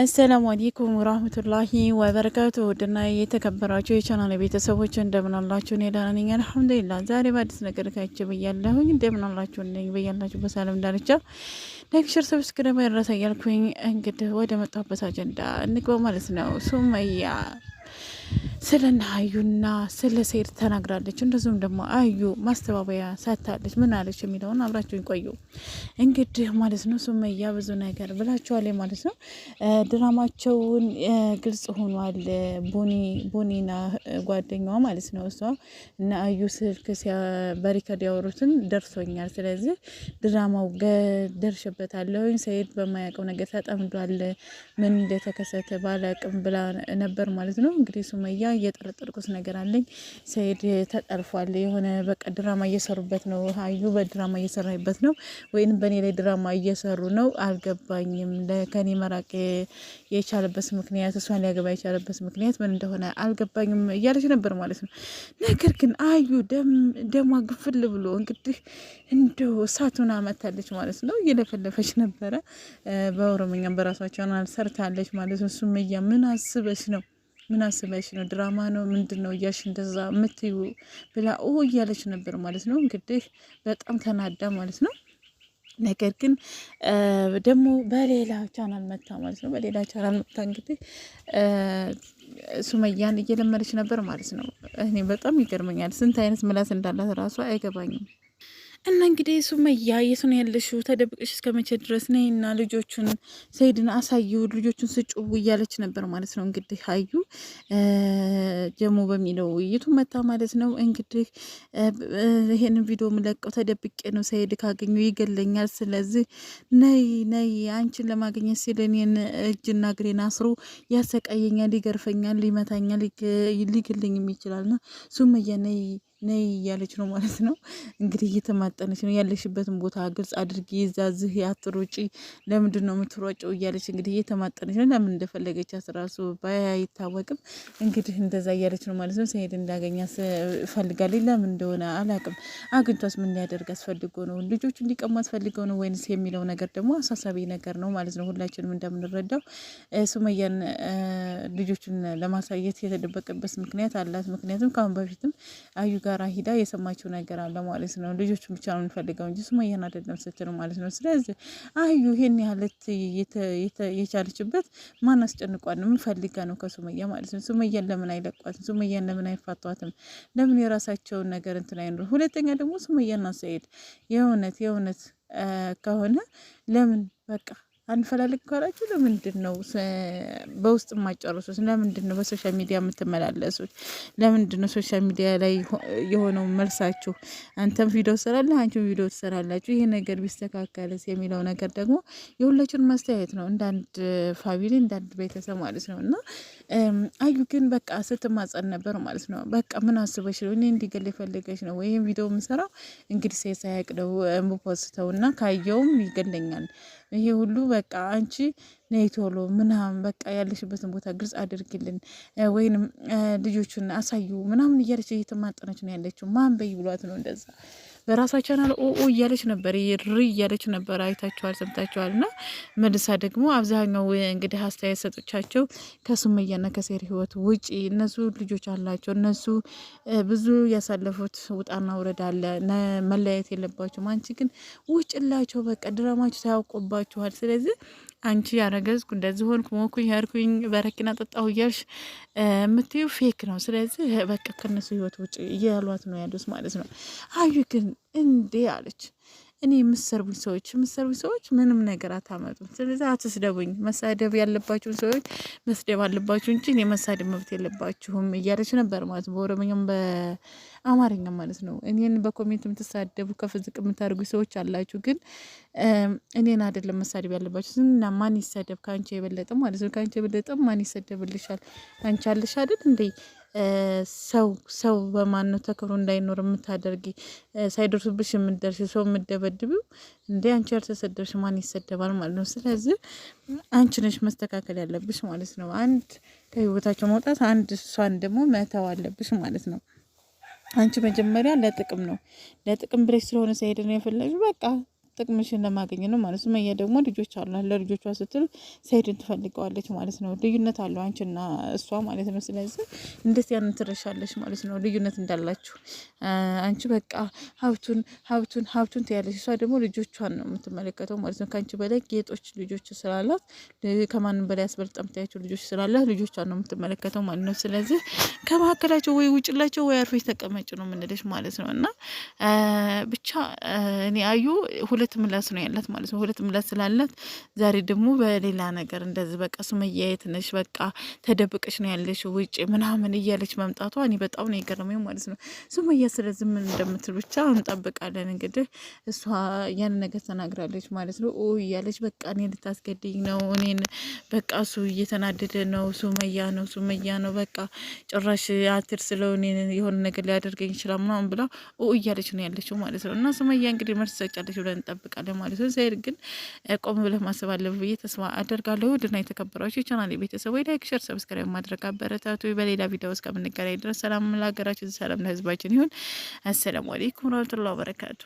አሰላሙ አለይኩም ወራህመቱላሂ ወበረካቱ። ውድና የተከበራችሁ የቻናል ቤተሰቦች እንደምናላችሁ፣ እኔ ደህና ነኝ አልሐምዱሊላህ። ዛሬ በአዲስ ነገር ካች ብያለሁኝ። እንደምናላችሁ እንደኝ ብያላችሁ በሰላም ዳርቻ ላይክ፣ ሼር፣ ሰብስክራይብ እያልኩኝ እንግዲህ ወደ መጣሁበት አጀንዳ እንግባ ማለት ነው ሱመያ ስለ እነ አዩና ስለ ሰይድ ተናግራለች። እንደዚሁም ደግሞ አዩ ማስተባበያ ሳታለች ምን አለች የሚለውን አብራችሁኝ ቆዩ። እንግዲህ ማለት ነው ሱመያ ብዙ ነገር ብላችኋል ማለት ነው። ድራማቸውን ግልጽ ሆኗል። ቦኒና ጓደኛዋ ማለት ነው እሷ እና አዩ ስልክ በሪከርድ ያወሩትን ደርሶኛል። ስለዚህ ድራማው ደርሽበታለሁ። ሰይድ በማያውቀው ነገር ተጠምዷል። ምን እንደተከሰተ ባላቅም ብላ ነበር ማለት ነው እንግዲህ ሱመያ እየጠረጠርኩት ነገር አለኝ። ሰኢድ ተጠልፏል። የሆነ በቃ ድራማ እየሰሩበት ነው። አዩ በድራማ እየሰራበት ነው ወይም በእኔ ላይ ድራማ እየሰሩ ነው። አልገባኝም። ከኔ መራቅ የቻለበት ምክንያት፣ እሷን ሊያገባ የቻለበት ምክንያት ምን እንደሆነ አልገባኝም እያለች ነበር ማለት ነው። ነገር ግን አዩ ደሟ ግፍል ብሎ እንግዲህ እንደው እሳቱን አመታለች ማለት ነው። እየለፈለፈች ነበረ። በኦሮምኛም በራሷቸውን አልሰርታለች ማለት ነው። ሱመያ ምን አስበች ነው ምን አስበሽ ነው? ድራማ ነው ምንድን ነው እያልሽ እንደዛ የምትዩ ብላ ኦ እያለች ነበር ማለት ነው። እንግዲህ በጣም ተናዳ ማለት ነው። ነገር ግን ደግሞ በሌላ ቻናል መታ ማለት ነው። በሌላ ቻናል መታ እንግዲህ ሱመያን እየለመደች ነበር ማለት ነው። እኔ በጣም ይገርመኛል። ስንት አይነት ምላስ እንዳላት ራሷ አይገባኝም። እና እንግዲህ ሱመያ የት ነው ያለሽው? ተደብቅሽ እስከ መቼ ድረስ ነይና ልጆቹን ሰይድን አሳዩ፣ ልጆቹን ስጩቡ እያለች ነበር ማለት ነው። እንግዲህ አዩ ጀሞ በሚለው ውይይቱ መታ ማለት ነው። እንግዲህ ይሄን ቪዲዮ ምለቀው ተደብቄ ነው፣ ሰይድ ካገኙ ይገለኛል። ስለዚህ ነይ ነይ፣ አንቺን ለማግኘት ሲል እኔን እጅና እግሬን አስሮ ያሰቃየኛል፣ ይገርፈኛል፣ ይመታኛል፣ ሊግልኝም ይችላልና ሱመያ ነይ ነይ እያለች ነው ማለት ነው። እንግዲህ እየተማጠነች ነው። ያለሽበትን ቦታ ግልጽ አድርጊ፣ ይዛዝህ አትሩጪ፣ ለምንድን ነው የምትሯጨው? እያለች እንግዲህ እየተማጠነች ነው። ለምን እንደፈለገቻት ራሱ ባይታወቅም እንግዲህ እንደዛ እያለች ነው ማለት ነው። ሰሄድ እንዳገኛ ፈልጋለች። ለምን እንደሆነ አላቅም። አግኝቷስ ምን ሊያደርግ አስፈልገው ነው? ልጆቹ እንዲቀሙ አስፈልገው ነው ወይንስ የሚለው ነገር ደግሞ አሳሳቢ ነገር ነው ማለት ነው። ሁላችንም እንደምንረዳው ሱመያን ልጆቹን ለማሳየት የተደበቀበት ምክንያት አላት። ምክንያቱም ከአሁን በፊትም አዩ ጋር ጋራ ሂዳ የሰማችው ነገር አለ ማለት ነው። ልጆቹን ብቻ ነው የምንፈልገው እንጂ ሱመያን አይደለም ስትል ማለት ነው። ስለዚህ አህዩ ይሄን ያህለት የቻለችበት ማን አስጨንቋል? ምን ፈልጋ ነው ከሱመያ ማለት ነው? ሱመያን ለምን አይለቋትም? ሱመያን ለምን አይፋቷትም? ለምን የራሳቸውን ነገር እንትን አይኖር? ሁለተኛ ደግሞ ሱመያና ሰኢድ የእውነት የእውነት ከሆነ ለምን በቃ አንፈላልግ ካላችሁ ለምንድን ነው በውስጥ የማጨርሱት? ለምንድን ነው በሶሻል ሚዲያ የምትመላለሱት? ለምንድን ነው ሶሻል ሚዲያ ላይ የሆነው መልሳችሁ? አንተም ቪዲዮ ትሰራለህ፣ አንቺም ቪዲዮ ትሰራላችሁ። ይሄ ነገር ቢስተካከልስ የሚለው ነገር ደግሞ የሁላችን ማስተያየት ነው፣ እንዳንድ ፋሚሊ፣ እንዳንድ ቤተሰብ ማለት ነው። እና አዩ ግን በቃ ስትማጸን ነበር ማለት ነው። በቃ ምን አስበሽ ነው? እኔ እንዲገል የፈለገች ነው ወይም ቪዲዮ የምሰራው እንግዲህ ሴት ፖስተው እና ካየውም ይገለኛል ይሄ ሁሉ በቃ አንቺ ነይ ቶሎ ምናምን በቃ ያለሽበትን ቦታ ግልጽ አድርግልን ወይንም ልጆቹን አሳዩ ምናምን እያለች እየተማጠነች ነው ያለችው። ማን በይ ብሏት ነው እንደዛ በራሷ ቻናል ኦኦ እያለች ነበር፣ ሪ እያለች ነበር። አይታችኋል፣ ሰምታችኋል። እና መልሳ ደግሞ አብዛኛው እንግዲህ አስተያየት ሰጦቻቸው ከሱመያና ከሴር ህይወት ውጪ እነሱ ልጆች አላቸው፣ እነሱ ብዙ ያሳለፉት ውጣና ውረድ አለ፣ መለያየት የለባቸውም። አንቺ ግን ውጭላቸው፣ በቃ ድራማቸው ታያውቆባችኋል። ስለዚህ አንቺ ያረገዝኩ እንደዚህ ሆንኩ ሞኩኝ ይሄርኩኝ በረኪና ጠጣሁ እያልሽ የምትዩ ፌክ ነው። ስለዚህ በቃ ከነሱ ህይወት ውጭ እያሏት ነው ያሉት ማለት ነው። አዩ ግን እንዴ አለች እኔ የምሰርቡኝ ሰዎች የምሰርቡኝ ሰዎች ምንም ነገር አታመጡም። ስለዚህ አትስደቡኝ። መሳደብ ያለባችሁን ሰዎች መስደብ አለባችሁ እንጂ እኔ መሳደብ መብት የለባችሁም እያለች ነበር ማለት ነው፣ በኦሮምኛም በአማርኛም ማለት ነው። እኔን በኮሜንት የምትሳደቡ ከፍ ዝቅ የምታደርጉ ሰዎች አላችሁ፣ ግን እኔን አይደለም መሳደብ ያለባችሁ። እና ማን ይሰደብ? ከአንቺ የበለጠ ማለት ነው። ከአንቺ የበለጠ ማን ይሰደብልሻል? አንቺ አለሽ አይደል እንዴ ሰው ሰው በማነው ተከብሮ እንዳይኖር የምታደርጊ ሳይደርሱብሽ የምትደርሽ ሰው የምትደበድቢው እንደ አንቺ ያልተሰደብሽ ማን ይሰደባል ማለት ነው። ስለዚህ አንቺ ነሽ መስተካከል ያለብሽ ማለት ነው። አንድ ከህይወታቸው መውጣት፣ አንድ እሷን ደግሞ መተው አለብሽ ማለት ነው። አንቺ መጀመሪያ ለጥቅም ነው ለጥቅም ብለሽ ስለሆነ ሳይሄድ ነው የፈለግሽ በቃ ጥቅምሽን ለማገኘ ነው ማለት ነው። ሱመያ ደግሞ ልጆች አሏት። ለልጆቿ ስትል ሰኢድን ትፈልገዋለች ማለት ነው። ልዩነት አለው አንቺና እሷ ማለት ነው። ስለዚህ እንዴት ያን ትረሻለች ማለት ነው። ልዩነት እንዳላችሁ አንቺ በቃ ሀብቱን ሀብቱን ሀብቱን ትያለች፣ እሷ ደግሞ ልጆቿን ነው የምትመለከተው ማለት ነው። ከአንቺ በላይ ጌጦች ልጆች ስላላት ከማንም በላይ አስበልጣ የምታያቸው ልጆች ስላላት ልጆቿን ነው የምትመለከተው ማለት ነው። ስለዚህ ከመካከላቸው ወይ ውጭላቸው ወይ አርፈሽ ተቀመጭ ነው የምንልሽ ማለት ነው። እና ብቻ እኔ አዩ ሁለት ምላስ ነው ያላት ማለት ነው። ሁለት ምላስ ስላላት ዛሬ ደግሞ በሌላ ነገር እንደዚህ በቃ ሱመያ የት ነሽ? በቃ ተደብቀሽ ነው ያለሽ ውጭ ምናምን እያለች መምጣቷ እኔ በጣም ነው የገረመኝ ማለት ነው። ሱመያ ስለዚህ ምን እንደምትል ብቻ እንጠብቃለን። እንግዲህ እሷ ያን ነገር ተናግራለች ማለት ነው። ኦ እያለች በቃ እኔ ልታስገድኝ ነው እኔን በቃ እሱ እየተናደደ ነው ሱመያ ነው ሱመያ ነው በቃ ጭራሽ አትር ስለው እኔን የሆነ ነገር ሊያደርገኝ ይችላል ምናምን ብላ ኦ እያለች ነው ያለችው ማለት ነው። እና ሱመያ እንግዲህ መልስ ሰጫለች ብለን እንጠብቃለን ማለት ነው። ዛሬ ግን ቆም ብለህ ማሰብ አለ ብዬ ተስፋ አደርጋለሁ። ድና የተከበራችሁ ቻናል ቤተሰብ ወይ ላይክ፣ ሸር፣ ሰብስክራይብ ማድረግ አበረታቱ። በሌላ ቪዲዮ እስከምንገናኝ ድረስ ሰላም ለሀገራችን፣ ሰላም ለህዝባችን ይሁን። አሰላሙ አሌይኩም ረመቱላ በረካቱ